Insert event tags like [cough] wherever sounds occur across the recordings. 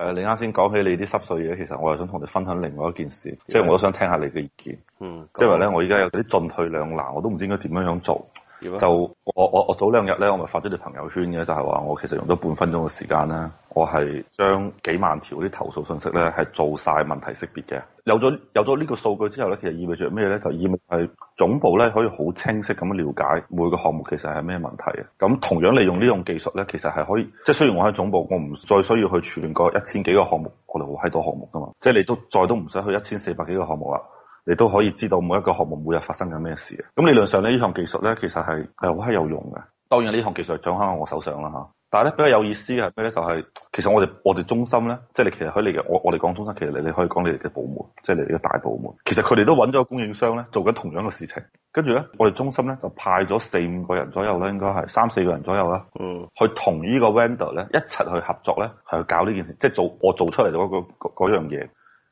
誒，你啱先講起你啲濕碎嘢，其實我又想同你分享另外一件事，即係我都想聽下你嘅意見。嗯。因為咧，嗯、我而家有啲進退兩難，我都唔知應該點樣樣做。就我我我早兩日咧，我咪發咗條朋友圈嘅，就係話我其實用咗半分鐘嘅時間咧，我係將幾萬條啲投訴信息咧，係做晒問題識別嘅。有咗有咗呢個數據之後咧，其實意味着咩咧？就意味係總部咧可以好清晰咁樣瞭解每個項目其實係咩問題。咁同樣利用呢種技術咧，其實係可以，即係雖然我喺總部，我唔再需要去處理過一千幾個項目，我哋好閪多項目噶嘛，即係你都再都唔使去一千四百幾個項目啦。你都可以知道每一個項目每日發生緊咩事嘅，咁理論上呢，呢項技術咧其實係係好係有用嘅。當然呢項技術掌握喺我手上啦吓，但係咧比較有意思嘅係咩咧？就係、是、其實我哋我哋中心咧，即係你其實喺你嘅我我哋講中心，其實你你可以講你哋嘅部門，即係你哋嘅大部門。其實佢哋都揾咗個供應商咧，做緊同樣嘅事情，跟住咧我哋中心咧就派咗四五個人左右啦，應該係三四個人左右啦，嗯、去同呢個 vendor 咧一齊去合作咧，係去搞呢件事，即係做我做出嚟嗰個嗰樣嘢。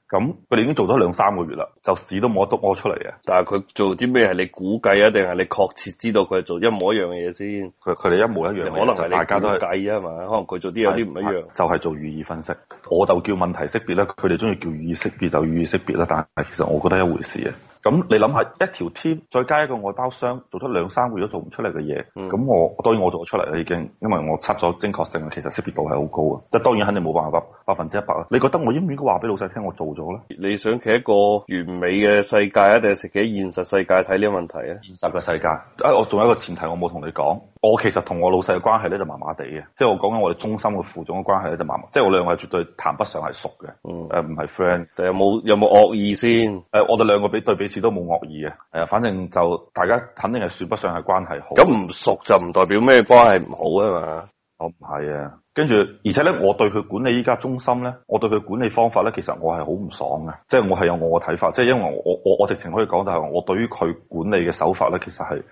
咁佢哋已經做咗兩三個月啦，就屎都冇得督屙出嚟嘅。但係佢做啲咩係你估計啊，定係你確切知道佢係做一模一樣嘅嘢先？佢佢哋一模一樣，可能係、啊、大家都計啊嘛。可能佢做啲有啲唔一樣，就係、是、做語義分析。我就叫問題識別啦，佢哋中意叫語義識別就語義識別啦。但係其實我覺得一回事啊。咁你諗下一條 team，再加一個外包商，做多兩三個月都做唔出嚟嘅嘢。咁、嗯、我當然我做咗出嚟啦，已經，因為我測咗精確性其實識別度係好高啊。即係當然肯定冇辦法百分之一百啊。你覺得我應唔應該話俾老細聽我做咗咧？你想企一個完美嘅世界啊，定係企喺現實世界睇呢個問題啊？現實嘅世界啊，我仲有一個前提我冇同你講。我其實同我老細嘅關係咧就麻麻地嘅，即係我講緊我哋中心嘅副總嘅關係咧就麻麻，即係、嗯、我兩個絕對談不上係熟嘅，誒唔係 friend， [laughs] 有冇有冇惡意先？誒、呃，我哋兩個比對彼此都冇惡意嘅，係啊，反正就大家肯定係說不上係關係好。嗯，咁唔熟就唔代表咩關係唔好啊嘛，我唔係啊，跟住而且咧，我對佢管理依家中心咧，我對佢管理方法咧，其實我係好唔爽嘅，即係我係有我嘅睇法，即係因為我我我,我直情可以講就係我對於佢管理嘅手法咧，其實係。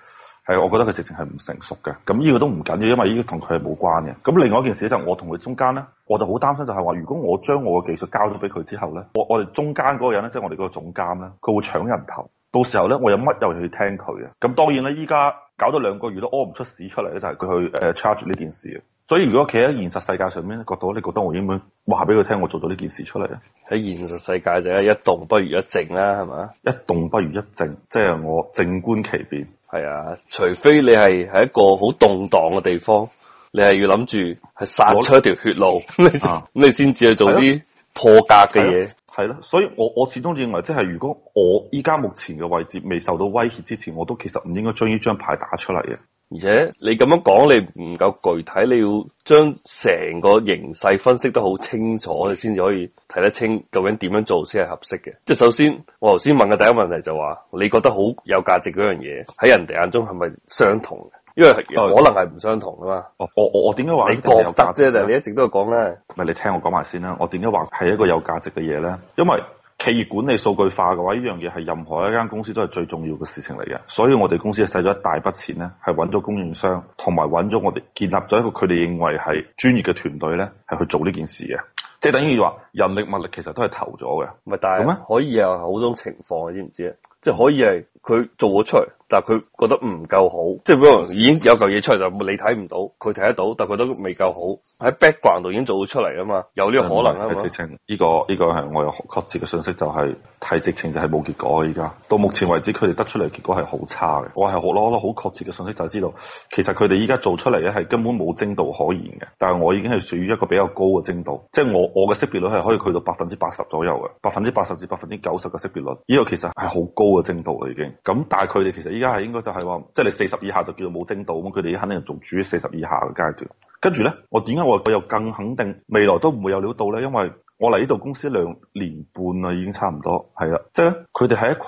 係，我覺得佢直情係唔成熟嘅。咁呢個都唔緊要，因為呢個同佢係冇關嘅。咁另外一件事就係我同佢中間咧，我就好擔心就係話，如果我將我嘅技術交咗俾佢之後咧，我我哋中間嗰個人咧，即係我哋嗰個總監咧，佢會搶人頭。到時候咧，我有乜有人去聽佢啊？咁當然啦，依家搞咗兩個月都屙唔出屎出嚟咧，就係佢去誒 charge 呢件事。所以如果企喺現實世界上面，覺得你覺得我應該話俾佢聽，我做咗呢件事出嚟咧？喺現實世界就係一動不如一靜啦，係咪啊？一動不如一靜，即係我靜觀其變。係啊，除非你係喺一個好動盪嘅地方，你係要諗住係殺出一條血路，我 [laughs] 你先至去做啲破格嘅嘢。係咯、啊啊啊啊啊，所以我我始終認為，即係如果我依家目前嘅位置未受到威脅之前，我都其實唔應該將呢張牌打出嚟嘅。而且你咁樣講，你唔夠具體，你要將成個形勢分析得好清楚，你先至可以睇得清究竟點樣做先係合適嘅。即係首先，我頭先問嘅第一個問題就話、是，你覺得好有價值嗰樣嘢喺人哋眼中係咪相同？因為可能係唔相同噶嘛、嗯。我我我點解話你覺得即就你一直都係講咧，唔係你聽我講埋先啦。我點解話係一個有價值嘅嘢咧？因為。企業管理數據化嘅話，呢樣嘢係任何一間公司都係最重要嘅事情嚟嘅，所以我哋公司係使咗一大筆錢咧，係揾咗供應商，同埋揾咗我哋建立咗一個佢哋認為係專業嘅團隊咧，係去做呢件事嘅，即係等於話人力物力其實都係投咗嘅。唔係，但係可以有好多情況，你知唔知啊？即係可以係佢做咗出嚟，但係佢覺得唔夠好。即係比如話已經有嚿嘢，出嚟就你睇唔到，佢睇得到，但係佢都未夠好。喺 background 度已經做咗出嚟啊嘛，有呢個可能啊、嗯、直情呢吧、呢個呢、呢個係我有確切嘅信息，就係、是、睇直情就係冇結果而家。到目前為止，佢哋得出嚟結果係好差嘅。我係攞攞好確切嘅信息，就係知道其實佢哋依家做出嚟咧係根本冇精度可言嘅。但係我已經係屬於一個比較高嘅精度，即係我我嘅識別率係可以去到百分之八十左右嘅，百分之八十至百分之九十嘅識別率，呢、呢個其實係好高。高嘅精度啦已經，咁但係佢哋其實依家係應該就係、是、話，即、就、係、是、你四十以下就叫做冇精度，咁佢哋肯定仲處於四十以下嘅階段。跟住咧，我點解我我又更肯定未來都唔會有料到道咧？因為。我嚟呢度公司兩年半啦，已經差唔多係啦。即係佢哋係一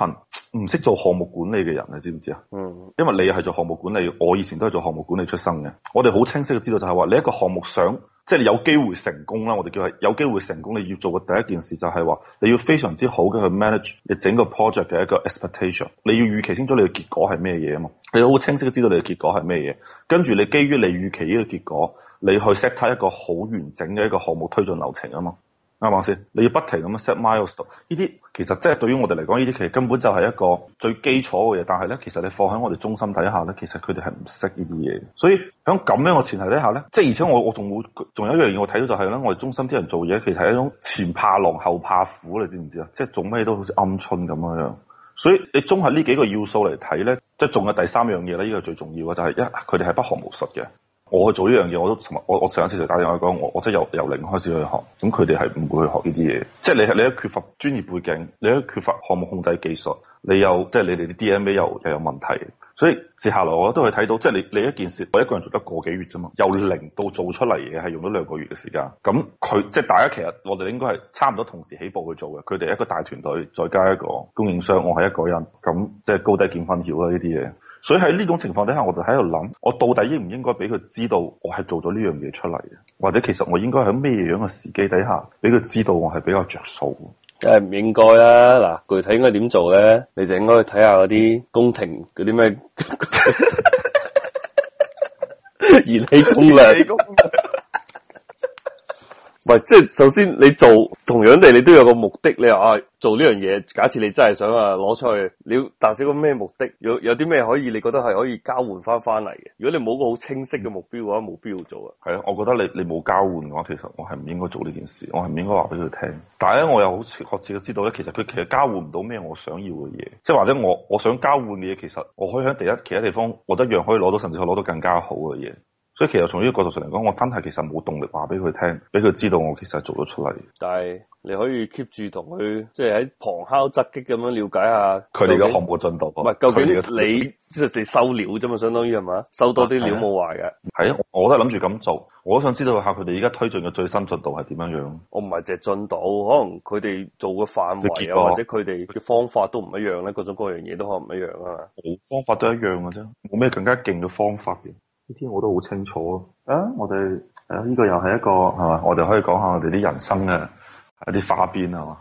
群唔識做項目管理嘅人你知唔知啊？嗯。因為你係做項目管理，我以前都係做項目管理出身嘅。我哋好清晰嘅知道就係話，你一個項目想即係你有機會成功啦，我哋叫係有機會成功，你要做嘅第一件事就係話，你要非常之好嘅去 manage 你整個 project 嘅一個 expectation。你要預期清楚你嘅結果係咩嘢啊嘛，你好清晰嘅知道你嘅結果係咩嘢，跟住你基於你預期呢個結果，你去 set up 一個好完整嘅一個項目推進流程啊嘛。啱唔啱先？你要不停咁樣 set milestone，呢啲其實即係對於我哋嚟講，呢啲其實根本就係一個最基礎嘅嘢。但係咧，其實你放喺我哋中心睇下咧，其實佢哋係唔識呢啲嘢。所以喺咁樣嘅前提底下咧，即係而且我我仲冇，仲有一樣嘢我睇到就係、是、咧，我哋中心啲人做嘢其實係一種前怕狼後怕虎，你知唔知啊？即係做咩都好似鵪鶉咁樣。所以你綜合呢幾個要素嚟睇咧，即係仲有第三樣嘢咧，呢、這個最重要嘅就係、是、一，佢哋係不學無術嘅。我去做呢樣嘢，我都同埋我我上一次就打電話講，我我即係由由零開始去學。咁佢哋係唔會去學呢啲嘢，即係你係你一缺乏專業背景，你一缺乏項目控制技術，你又即係你哋啲 DNA 又又有問題。所以接下來我都係睇到，即係你你一件事，我一個人做得個幾月咋嘛，由零到做出嚟嘢係用咗兩個月嘅時間。咁佢即係大家其實我哋應該係差唔多同時起步去做嘅。佢哋一個大團隊再加一個供應商，我係一個人，咁即係高低見分曉啦呢啲嘢。所以喺呢種情況底下，我就喺度諗，我到底應唔應該俾佢知道我係做咗呢樣嘢出嚟嘅，或者其實我應該喺咩樣嘅時機底下俾佢知道我係比較著數。梗係唔應該啦！嗱，具體應該點做咧？你就應該去睇下嗰啲宮廷嗰啲咩燃氣功量。 [laughs] 喂，即係首先你做同樣地，你都有個目的。你話啊，做呢樣嘢，假設你真係想啊攞出去，你要達成個咩目的？有有啲咩可以，你覺得係可以交換翻翻嚟嘅？如果你冇個好清晰嘅目標嘅話，冇必要做啊。係啊，我覺得你你冇交換嘅話，其實我係唔應該做呢件事，我係唔應該話俾佢聽。但係咧，我又好確切嘅知道咧，其實佢其實交換唔到咩我想要嘅嘢，即係或者我我想交換嘅嘢，其實我可以喺第一其他地方，我一樣可以攞到，甚至乎攞到更加好嘅嘢。所以其實從呢個角度上嚟講，我真係其實冇動力話俾佢聽，俾佢知道我其實做咗出嚟。但係你可以 keep 住同佢，即係喺旁敲側擊咁樣了解下佢哋嘅項目進度。唔係，究竟你即係你收料啫嘛？相當於係嘛？收多啲料冇壞嘅。係啊，啊，我都係諗住咁做。我都想知道下佢哋而家推進嘅最新進度係點樣樣。我唔係淨係進度，可能佢哋做嘅範圍啊，果或者佢哋嘅方法都唔一樣咧，各種各樣嘢都可能唔一樣啊嘛。方法都一樣嘅啫，冇咩更加勁嘅方法嘅。呢啲我都好清楚啊！我哋啊呢個又係一個係嘛，我哋可以講下我哋啲人生啊，一啲花邊啊嘛。